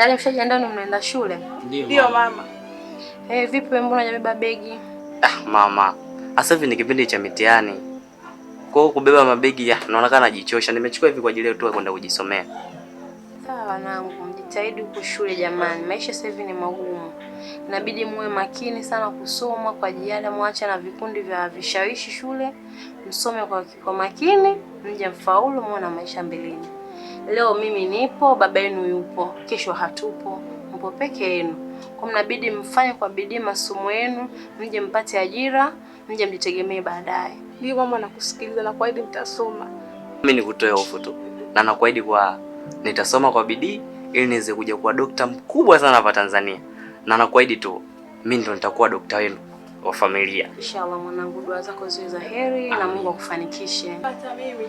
Tayari mshajiandaa na mnaenda shule? Ndio mama. Eh, vipi wewe mbona unabeba begi? Ah, mama. Sasa hivi ni kipindi cha mitihani. Kwa hiyo kubeba mabegi ya ah, naonekana najichosha. Nimechukua hivi kwa ajili ya tu kwenda kujisomea. Sawa wanangu, mjitahidi huko shule jamani. Maisha sasa hivi ni magumu. Inabidi muwe makini sana kusoma kwa jiada, mwache na vikundi vya vishawishi shule. Msome kwa, kwa makini, mje mfaulu muone maisha mbeleni. Leo mimi nipo, baba yenu yupo, kesho hatupo, mpo peke yenu. Kwa mnabidi mfanye kwa bidii masomo yenu, mje mpate ajira, mje mjitegemee baadaye. Ndio mama, nakusikiliza na kuahidi mtasoma. Mimi nikutoe hofu tu na nakuahidi kwa nitasoma kwa bidii ili niweze kuja kuwa dokta mkubwa sana hapa Tanzania, na nakuahidi tu mimi ndo nitakuwa dokta wenu wa familia. Inshallah mwanangu, dua zako ziwe za heri na Mungu akufanikishe. Hata mimi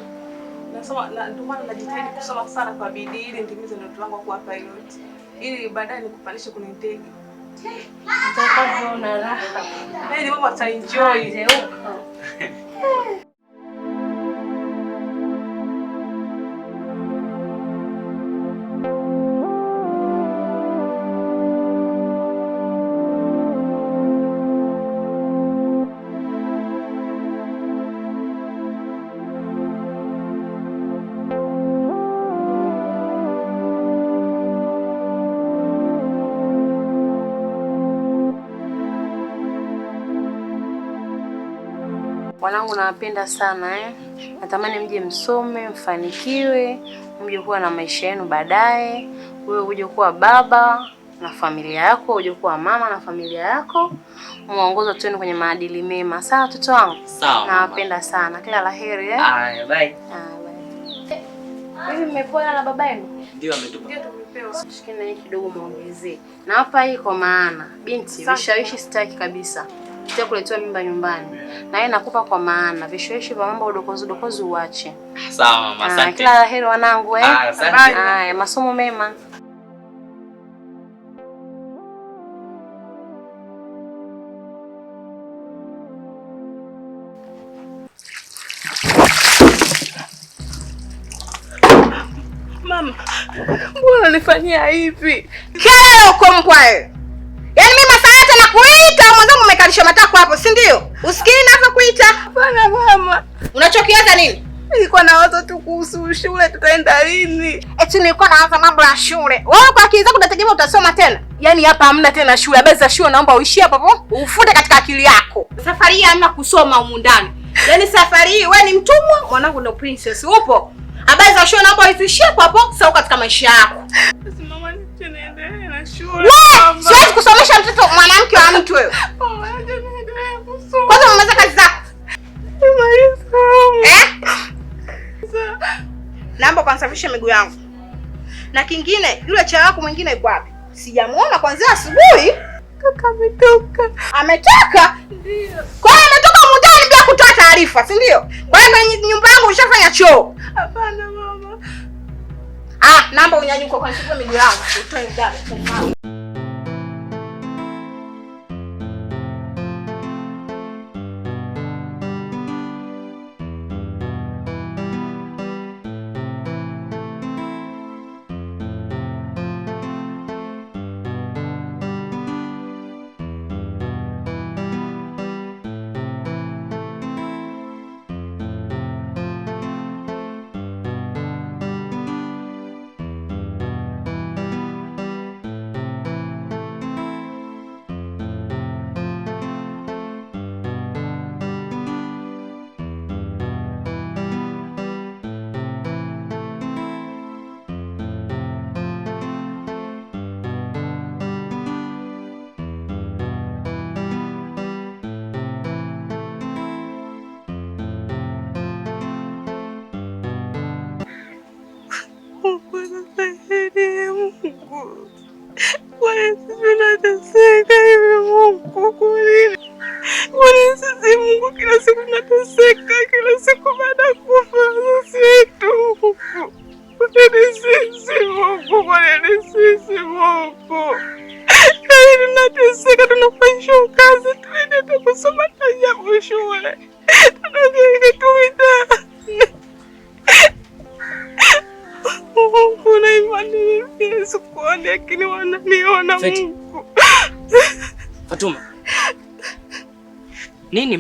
ndio maana najitahidi kusoma sana kwa bidii ili nitimize ndoto yangu kuwa pilot ili baadaye nikupandishe kwenye ndege. Yaani Mama ataenjoy. Wanangu nawapenda sana eh. Natamani mje msome, mfanikiwe, mje kuwa na maisha yenu baadaye. Wewe uje kuwa baba na familia yako, uje kuwa mama na familia yako. Muongozo tuende kwenye maadili mema. Sawa watoto wangu? Sawa. Nawapenda sana. Kila la heri eh. Haya, bye. Ah, eh, hivi mmepewa na baba yenu? Ndio ametupa. Ndio tumepewa. Shikeni kidogo muongezee. Na hapa hii kwa maana binti, vishawishi sitaki kabisa kupitia kuletewa mimba nyumbani. Na yeye nakupa kwa maana. Vishawishi vya mambo udokozi udokozi uache. Sawa mama, ah, asante. Kila la heri wanangu eh. Ah, Haya, masomo mema. Mama, mbona unanifanyia hivi? Kero kwa mkwae kalisho lisho matako hapo, si ndio? Usikii ninavyokuita? Hapana mama. Unachokiwaza nini? Nilikuwa nawaza tu kuhusu shule tutaenda lini. Eti nilikuwa nawaza mambo ya shule. Wewe kwa akili zako unategemea utasoma tena? Yaani hapa hamna tena shule. Habari za shule naomba uishie hapo hapo. Ufute katika akili yako. Safari hii hamna kusoma humu ndani. Yaani safari hii wewe ni mtumwa, mwanangu ndo princess. Upo? Habari za shule naomba uishie hapo hapo, sio katika maisha yako. Mama, niendelee na shule. Siwezi kusomesha mtoto mwanamke wa mtu wewe. nirudishe miguu yangu. Na kingine, yule cha wako mwingine yuko wapi? Sijamuona kwanzia asubuhi. Kaka ametoka. Ametoka? Ndio. Kwa hiyo ametoka mtaani bila kutoa taarifa, si ndio? Kwa hiyo kwenye nyumba yangu ushafanya choo. Hapana mama. Ah, namba unyanyuko kwa sababu miguu yangu. Utoe ndani.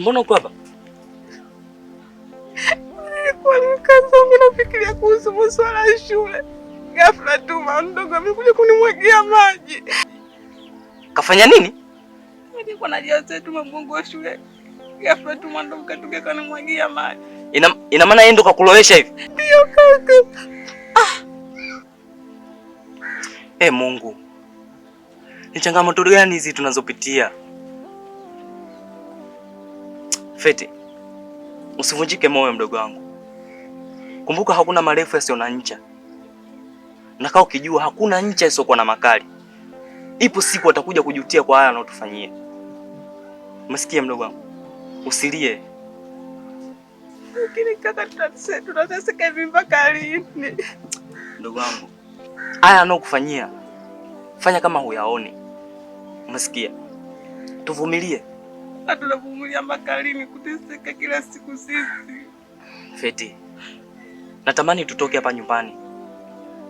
mbona uko hapa? Nilikuwa nafikiria kuhusu masuala ya shule, ghafla tu mama mdogo amekuja kunimwagia maji. Kafanya nini? Nilikuwa najaza tu mgongo wa shule, ghafla tu mama mdogo katuka kanimwagia maji. Ina ina maana yeye ndo kakulowesha hivi? Ndio kaka. Ah. Hey, eh, Mungu, ni changamoto gani hizi tunazopitia? Fete, usivunjike moyo mdogo wangu. Kumbuka hakuna marefu yasiyo na ncha, na kaa ukijua hakuna ncha isiyokuwa na makali. Ipo siku watakuja kujutia kwa haya wanaotufanyia. Umesikia mdogo wangu, usilie. Lakini kaka, tutateseka hivi mpaka lini? Mdogo wangu, haya anaokufanyia fanya kama huyaoni. Umesikia? Tuvumilie na tunavumilia mpaka kuteseka kila siku sisi? Feti, natamani tutoke hapa nyumbani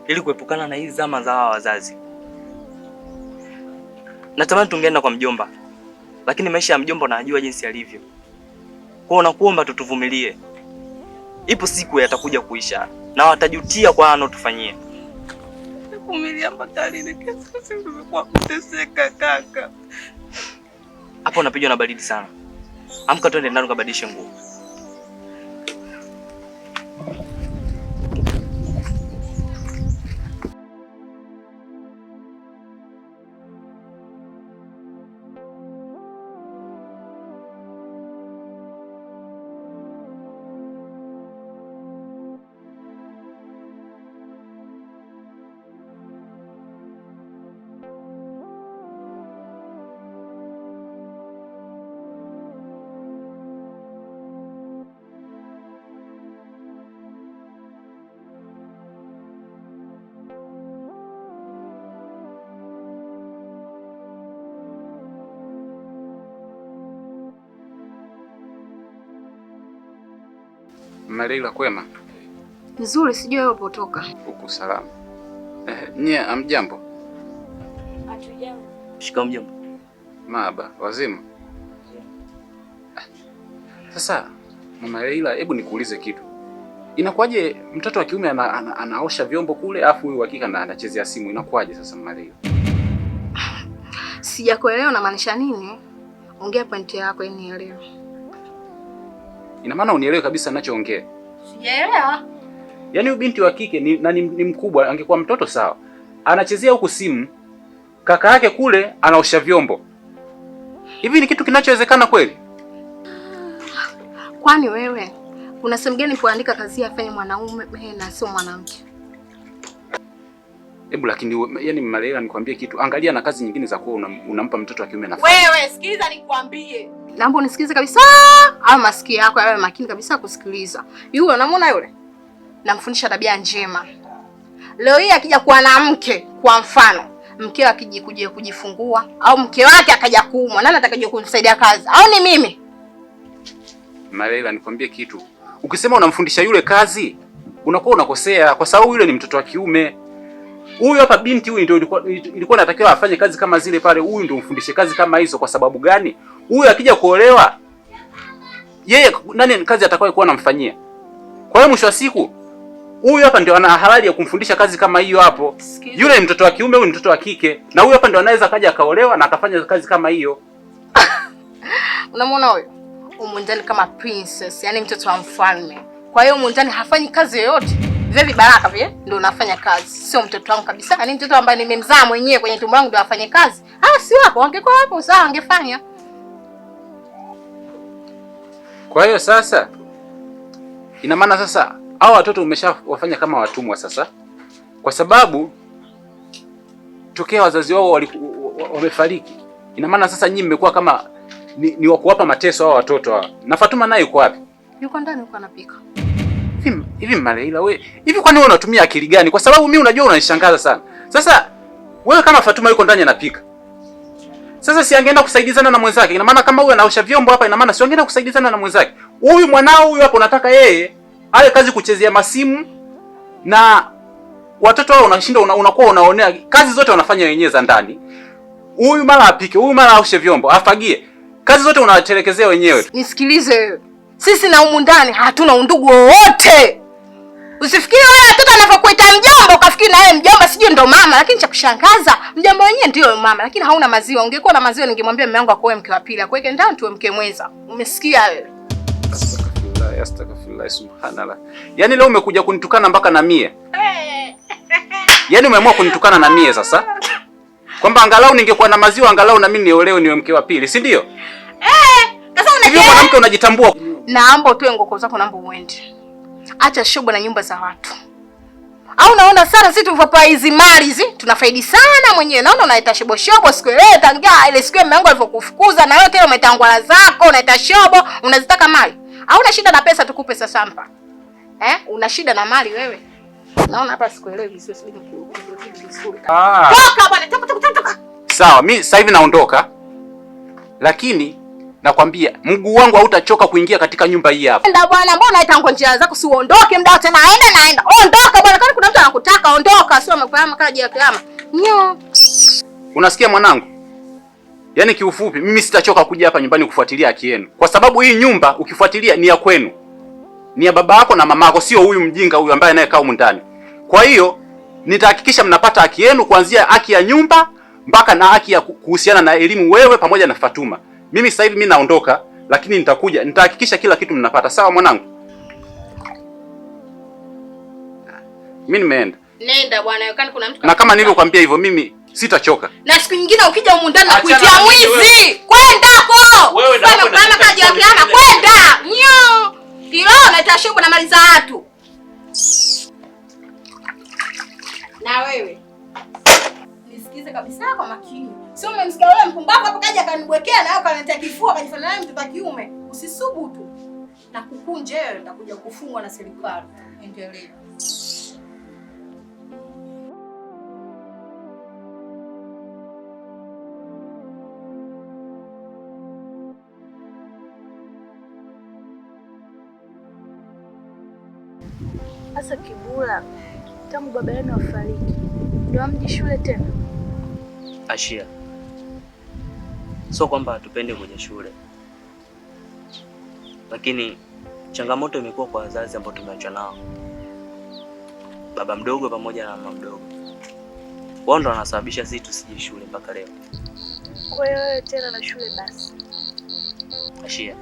ili kuepukana na hizi zama za hawa wazazi. Natamani tungeenda kwa mjomba, lakini maisha ya mjomba unajua jinsi yalivyo. Kwa nakuomba tutuvumilie, ipo siku yatakuja kuisha na watajutia kwa anotufanyie. Vumilia mpaka lini? Tumekuwa kuteseka kaka hapa unapigwa na baridi sana. Amka twende ndani ukabadilishe nguo. Maleila, kwema? Nzuri, sijui wewe upotoka huku. Salama eh? Nye amjambo? Hatujambo. Shikamjambo. Maba wazima. Sasa mama Leila, hebu nikuulize kitu, inakuwaje mtoto wa kiume ana, ana, anaosha vyombo kule afu huyu hakika na anachezea simu, inakuwaje sasa mama Leila? Sijakuelewa, unamaanisha nini? Ongea pointi yako, inielewa. Ina maana unielewe kabisa ninachoongea. Sijaelewa. Yaani huyu binti wa kike ni, na ni, ni mkubwa, angekuwa mtoto sawa. Anachezea huku simu, kaka yake kule anaosha vyombo. Hivi ni kitu kinachowezekana kweli? Kwani wewe una sehemu gani kuandika kazi afanye mwanaume na sio mwanamke? Hebu lakini yani Malela, nikwambie kitu, angalia na kazi nyingine za kuwa unampa mtoto wa kiume nafasi. Wewe sikiliza, nikwambie, naomba unisikilize kabisa, au masikio yako yawe makini kabisa kusikiliza. Yule unamwona yule, namfundisha tabia njema. Leo hii akija kuwa na mke, kwa mfano mke wake akija kujifungua au mke wake akaja kuumwa, nani atakaje kumsaidia kazi? Au ni mimi? Malela, nikwambie kitu, ukisema unamfundisha yule kazi unakuwa unakosea, kwa sababu yule ni mtoto wa kiume Huyu hapa binti huyu ndio ilikuwa natakiwa afanye kazi kama zile pale, huyu ndio mfundishe kazi kama hizo. Kwa sababu gani? Huyu akija kuolewa, yeye nani kazi atakayokuwa anamfanyia? Kwa hiyo mwisho wa siku huyu hapa ndio ana halali ya kumfundisha kazi kama hiyo hapo. Yule ni mtoto wa kiume, huyu mtoto wa kike, na huyu hapa ndio anaweza kaja akaolewa na akafanya kazi kama hiyo. Unamwona huyo umundani kama princess, yani mtoto wa mfalme. Kwa hiyo umundani hafanyi kazi yoyote vile vibaraka vile ndio unafanya kazi, sio mtoto wangu kabisa. Ni mtoto ambaye nimemzaa mwenyewe kwenye tumbo langu ndio afanye kazi. Ah, si wapo, wangekuwa wapo sawa, wangefanya. Kwa hiyo sasa ina maana sasa hao watoto umeshawafanya kama watumwa sasa, kwa sababu tokea wazazi wao wamefariki, ina maana sasa nyinyi mmekuwa kama ni, ni wa kuwapa mateso hao watoto hao. Na Fatuma naye yuko wapi? Yuko ndani, yuko anapika hivi hivi Maleila we hivi, kwani wewe unatumia akili gani? Kwa sababu mimi unajua unanishangaza sana. Sasa wewe kama Fatuma yuko ndani anapika, sasa si angeenda kusaidizana na mwenzake? Ina maana kama huyu anaosha vyombo hapa, ina maana si angeenda kusaidizana na mwenzake? Huyu mwanao huyu hapo, unataka yeye ale kazi kuchezea masimu na watoto wao, unashinda una, unakuwa unaonea kazi zote wanafanya wenyewe za ndani. Huyu mara apike, huyu mara aoshe vyombo, afagie, kazi zote unawatelekezea wenyewe. Nisikilize wewe sisi na humu ndani hatuna undugu wowote. Usifikiri wewe watoto anavyokuita mjomba ukafikiri na yeye mjomba sijui ndo mama, lakini cha kushangaza mjomba wenyewe ndio mama, lakini hauna maziwa. Ungekuwa na maziwa ningemwambia mume wangu akoe mke wa pili, akuweke ndani tuwe mke mwenza. Umesikia wewe? Astaghfirullah, astaghfirullah, subhanallah. Yaani leo umekuja kunitukana mpaka na mie. Eh. Yaani umeamua kunitukana na mie sasa? Kwamba angalau ningekuwa na maziwa angalau na mimi niolewe niwe mke wa pili, si ndio? Eh, sasa unaje? Mwanamke unajitambua naamba utoe ngoko zako, naamba uende. Acha shobo na nyumba za watu. Au naona sana sisi tulivyopaa hizi mali hizi tunafaidi sana mwenyewe. Naona unaita shobo shobo siku ile tangia ile siku mwanangu alivyokufukuza na wewe tena umetangwala zako, unaita shobo, unazitaka mali. Au una shida na pesa tukupe sasa hapa. Eh? Una shida na mali wewe? Naona hapa sikuelewi vizuri, sijui nikuelewi. Ah. Toka bwana, toka toka toka. Sawa, mimi sasa hivi naondoka. Lakini Nakwambia mguu wangu hautachoka kuingia katika nyumba hii hapa. Enda bwana, mbona unaita ngo njia zako si uondoke mdao tena. Aenda naenda. Ondoka bwana, kani kuna mtu anakutaka ondoka, sio umefahamu kala jia kiyama. Nyo. Unasikia mwanangu? Yaani kiufupi mimi sitachoka kuja hapa nyumbani kufuatilia haki yenu. Kwa sababu hii nyumba ukifuatilia ni ya kwenu. Ni ya baba yako na mama yako, sio huyu mjinga huyu ambaye anayekaa humu ndani. Kwa hiyo nitahakikisha mnapata haki yenu kuanzia haki ya nyumba mpaka na haki ya kuhusiana na elimu wewe pamoja na Fatuma. Mimi sasa hivi mimi naondoka, lakini nitakuja, nitahakikisha kila kitu mnapata. Sawa mwanangu? Mimi nimeenda. Nenda bwana, yakani kuna mtu. Na kama nilivyokuambia hivyo mimi sitachoka. Na siku nyingine ukija humu ndani na kuitia mwizi. Kwenda huko. Wewe ndio kama kaji ya kiana kwenda. Nyo. Kilo na na mali za watu. Na wewe. Nisikize kabisa kwa makini. Sio umemsikia yule mpumbavu hapo kaja akanibwekea na akaniletea kifua akajifanya naye mtoto kiume. Usisubutu. Na kukunje wewe nitakuja kufungwa na serikali. Endelea. Sasa Kibula, tangu baba yenu afariki, ndio amji shule tena? Ashia Sio kwamba hatupendi kwenye shule, lakini changamoto imekuwa kwa wazazi ambao tumeachwa nao, baba mdogo pamoja na mama mdogo. Wao ndo wanasababisha sisi tusije shule mpaka leo. Kwa hiyo wewe tena na shule basi. Ashia,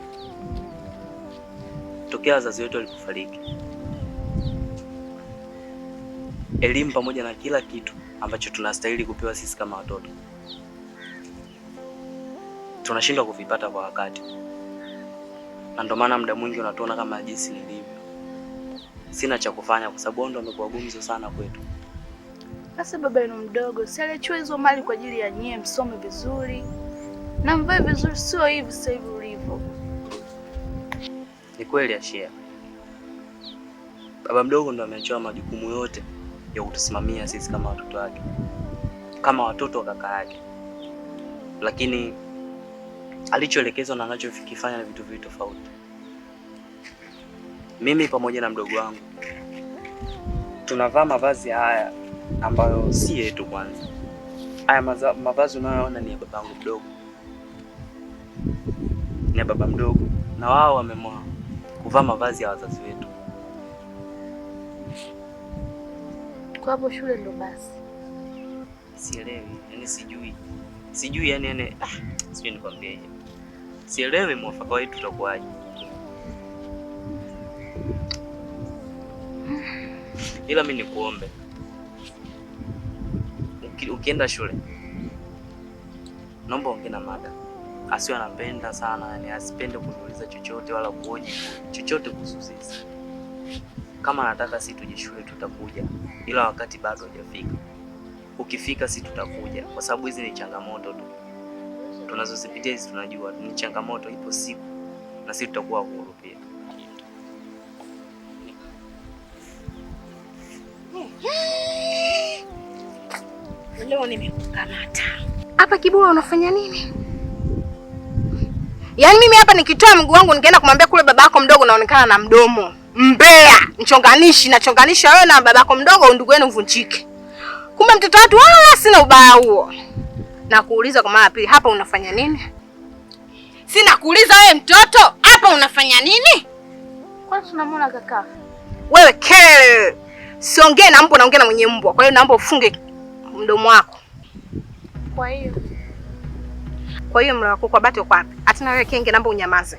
tokea wazazi wetu walipofariki, elimu pamoja na kila kitu ambacho tunastahili kupewa sisi kama watoto tunashindwa kuvipata kwa wakati, na ndio maana muda mwingi unatuona kama jinsi nilivyo, sina cha kufanya kwa sababu ndo amekuwa gumzo sana kwetu. Sasa baba yenu mdogo si alichua hizo mali kwa ajili ya nyie msome vizuri na mvae vizuri, sio hivi sasa hivi ulivyo. Ni kweli Ashia, baba mdogo ndo ameachiwa majukumu yote ya kutusimamia sisi kama watoto wake, kama watoto wa kaka yake, lakini alichoelekezwa na anachokifanya na vitu vitu tofauti. Mimi pamoja na mdogo wangu tunavaa mavazi haya ambayo si yetu. Kwanza haya mavazi unayoona ni ya babangu mdogo, ni ya baba mdogo, na wao wameamua kuvaa mavazi ya wazazi wetu. Kwa hapo shule ndo basi, sielewi, yani, sijui sijui yani yani, ah, sijui nikwambieje, sielewi mwafaka wetu tutakuwaje. Ila mi nikuombe, ukienda shule naomba ongea na mada, asio anapenda sana yani, asipende kuuliza chochote wala kuoji chochote kuhusu sisi. Kama anataka si tuje shule tutakuja, ila wakati bado hajafika ukifika, si tutakuja, kwa sababu hizi ni changamoto tu tunazozipitia hizi, tunajua ni changamoto, ipo siku na sisi tutakuwa huru pia. Leo nimekukamata hapa Kibua, unafanya nini? Yaani mimi hapa nikitoa mguu wangu nikaenda kumwambia kule baba yako mdogo, naonekana na mdomo mbea, mchonganishi, nachonganisha wewe na babako mdogo, ndugu yenu mvunjike. Kumbe mtoto watu wala sina ubaya huo. Na kuuliza kwa mara pili, hapa unafanya nini? Sina kuuliza wewe mtoto, hapa unafanya nini? Kwa nini tunamwona kaka? Wewe kele. Siongee na mbwa, naongea na mwenye mbwa. Kwa hiyo naomba ufunge mdomo wako. Kwa hiyo kwa hiyo mlo wako kwa bati kwa wapi? Atina wewe kenge, naomba unyamaze.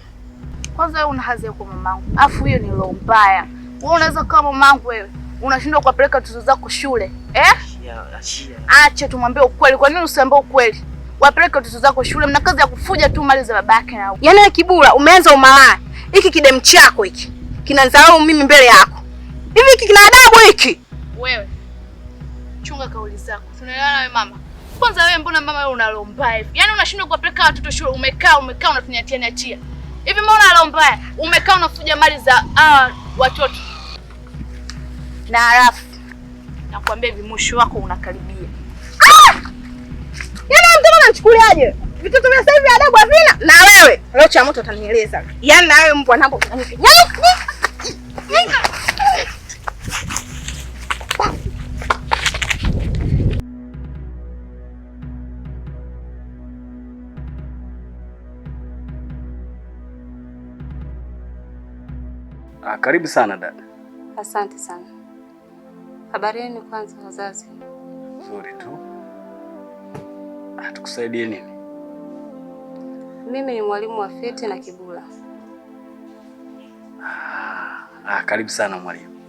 Kwanza wewe una hazi yako mamangu. Afu hiyo ni roho mbaya. Wewe unaweza kama mamangu wewe. Unashindwa kuwapeleka watoto zako shule. Eh? Acha tumwambie ukweli. Kwa nini usiambie ukweli? Wapeleke watoto zako shule, mna kazi ya kufuja tu mali za babake na. huko. Yaani Kibula, umeanza umalaya. Hiki kidem chako hiki kinadharau mimi mbele yako. Hivi hiki kina adabu hiki? Wewe chunga kauli zako, tunaelewana wewe mama. Kwanza wewe, mbona mama wewe unalomba hivi? Yaani unashindwa kuwapeleka watoto shule, umekaa umekaa unatunyanyia nyanyia hivi. Mbona unalomba? Umekaa unafuja mali za hawa watoto na alafu Nakwambia hivi wako unakaribia. Ah! Yana mtoto anachukuliaje? Vitoto vya sasa hivi adabu havina. Na wewe, leo cha moto utanieleza. Yaani na wewe mbwa napo yaani, yaani, yaani. Ah, karibu sana dada. Asante sana. Habari yenu kwanza wazazi? Nzuri tu. Atukusaidie ah, nini? Mimi ni mwalimu wa feti na kibula. Ah, ah, karibu sana mwalimu.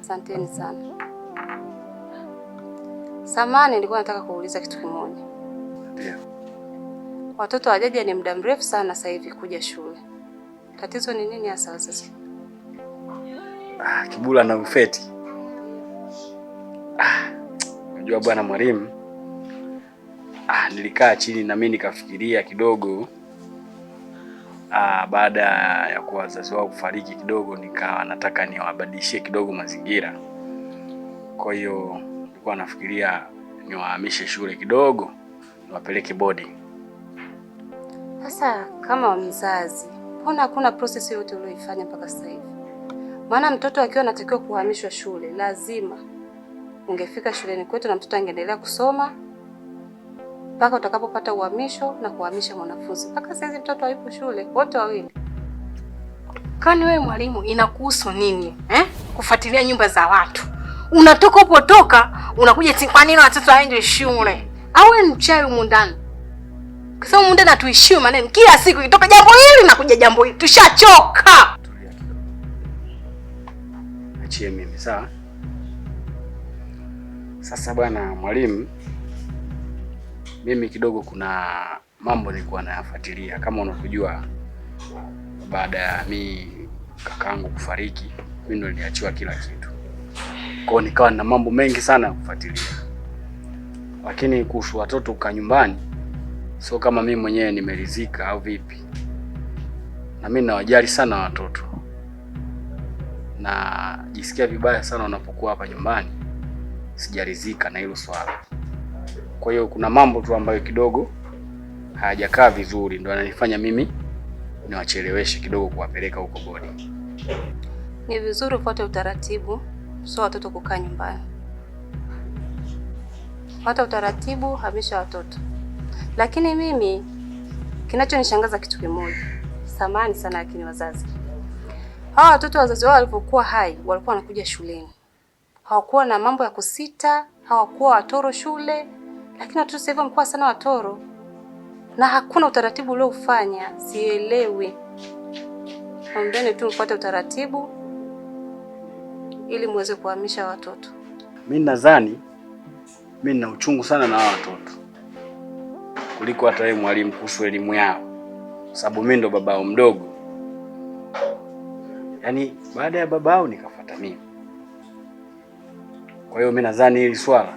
Asanteni sana. Samani, nilikuwa nataka kuuliza kitu kimoja. Ndio. Watoto wajaja ni muda mrefu sana sasa hivi kuja shule. Tatizo ni nini hasa wazazi? Ah, kibula na ufeti Ah, unajua ah, bwana mwalimu ah, nilikaa chini na mimi nikafikiria kidogo ah, baada ya kuwa wazazi wao kufariki kidogo, nikawa nataka niwabadilishie kidogo mazingira. Kwa hiyo nilikuwa nafikiria niwahamishe shule kidogo, niwapeleke boarding. Sasa kama mzazi, mbona hakuna process yoyote uliyoifanya mpaka sasa hivi? Maana mtoto akiwa anatakiwa kuhamishwa shule lazima ungefika shuleni kwetu na mtoto angeendelea kusoma mpaka utakapopata uhamisho na kuhamisha mwanafunzi. Mpaka saizi mtoto hayupo shule, wote wawili. Kani wewe mwalimu, inakuhusu nini eh? Kufuatilia nyumba za watu, unatoka upotoka unakuja, kwa nini watoto waende shule? Awe mchawi humu ndani, kwa sababu muda tuishiwe maneno kila siku, kitoka jambo hili na kuja jambo hili, tushachoka. Achie mimi sawa sasa bwana mwalimu, mimi kidogo kuna mambo nilikuwa nayafuatilia kama unavyojua, baada ya mi kakaangu kufariki, mimi ndo niliachiwa kila kitu, kwao nikawa na mambo mengi sana ya kufuatilia, lakini kuhusu watoto kwa nyumbani, sio kama mimi mwenyewe nimeridhika au vipi, na mimi nawajali sana watoto, najisikia vibaya sana wanapokuwa hapa nyumbani sijaridhika na hilo swala. Kwa hiyo kuna mambo tu ambayo kidogo hayajakaa vizuri, ndio ananifanya mimi niwacheleweshe kidogo kuwapeleka huko bodi. Ni vizuri ufuate utaratibu, sio watoto kukaa nyumbani. Fuata utaratibu, hamisha watoto. Lakini mimi kinachonishangaza kitu kimoja, samani sana, lakini wazazi hawa watoto wazazi wao walipokuwa hai walikuwa wanakuja shuleni hawakuwa na mambo ya kusita, hawakuwa watoro shule, lakini watoto sasa hivi wamekuwa sana watoro na hakuna utaratibu ufanya Sielewi. Ombeni tu mfuate utaratibu ili muweze kuhamisha watoto. Mimi nadhani mimi nina uchungu sana na watoto kuliko hata yeye mwalimu kuhusu elimu yao, sababu mimi ndo babao mdogo. Yaani baada ya babao nikafuata mimi kwa hiyo mimi nadhani hili swala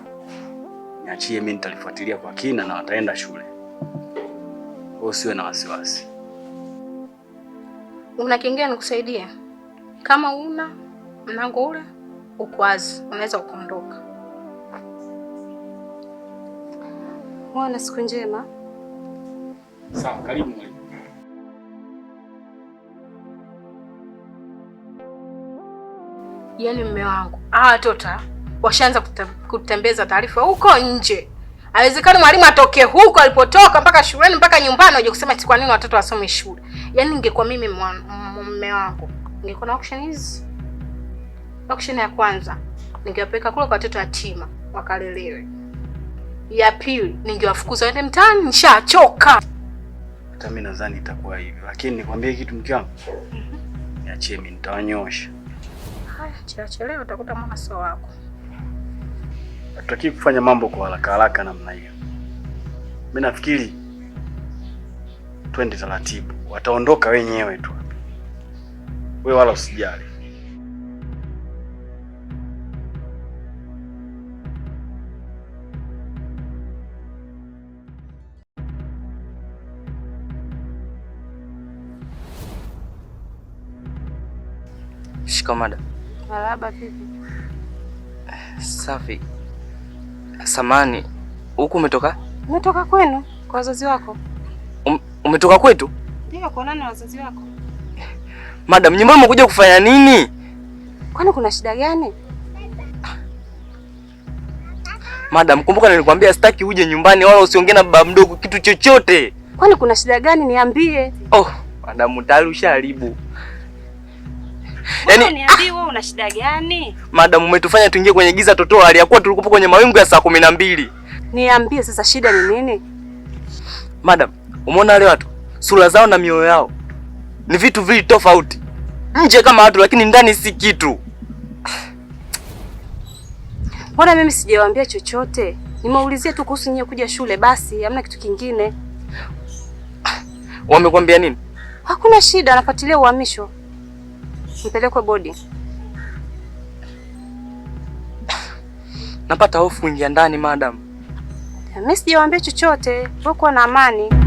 niachie mimi, nitalifuatilia kwa kina na wataenda shule. Wewe usiwe na wasiwasi. Una kingine nikusaidia? Kama una mlango ule uko wazi, unaweza ukaondoka. Uwe na siku njema. Sawa, karibu Yaani mme wangu hawa tota washaanza kutembeza taarifa huko nje. Haiwezekani mwalimu atoke huko alipotoka mpaka shuleni mpaka nyumbani aje kusema ati kwa nini watoto wasome shule. Yaani ningekuwa mimi mume wangu, ningekuwa na option hizi. Option ya kwanza, ningewapeka kule kwa watoto yatima wakalelewe. Ya pili, ningewafukuza waende mtaani, nishachoka. Hata mimi nadhani itakuwa hivyo. Lakini nikwambie kitu mke wangu. Mhm. Niachie mimi nitawanyosha. Haya, chelewa chelewa utakuta mama sio wako. Hatutaki kufanya mambo kwa haraka haraka namna hiyo. Mimi nafikiri twende taratibu, wataondoka wenyewe tu, wewe wala usijali. Shikamada. Marahaba. Vipi? Safi. Samani, huku umetoka? Umetoka kwenu kwa wazazi wako. Um, umetoka kwetu? Ndio, kwa nani wazazi wako? Madam, nyumbani umekuja kufanya nini? Kwani kuna shida gani? Madam, kumbuka nilikwambia sitaki uje nyumbani wala usiongee na baba mdogo kitu chochote. Kwani kuna shida gani niambie? Oh, madam, tayari ushaharibu. Yaani ah! wewe una shida gani? Madam, umetufanya tuingie kwenye giza totoo hali ya kuwa tulikuwa kwenye mawingu ya saa kumi na mbili. Niambie sasa shida ni nini? Madam, umeona wale watu sura zao na mioyo yao ni vitu vili tofauti. Nje kama watu lakini ndani si kitu. Mbona mimi sijawaambia chochote? Nimeulizia tu kuhusu nyinyi kuja shule basi, hamna kitu kingine. Wamekwambia nini? Hakuna shida, anafuatilia uhamisho nipelekwe bodi. Napata hofu nje ndani, madam. Mimi sijawaambia chochote, wewe na amani.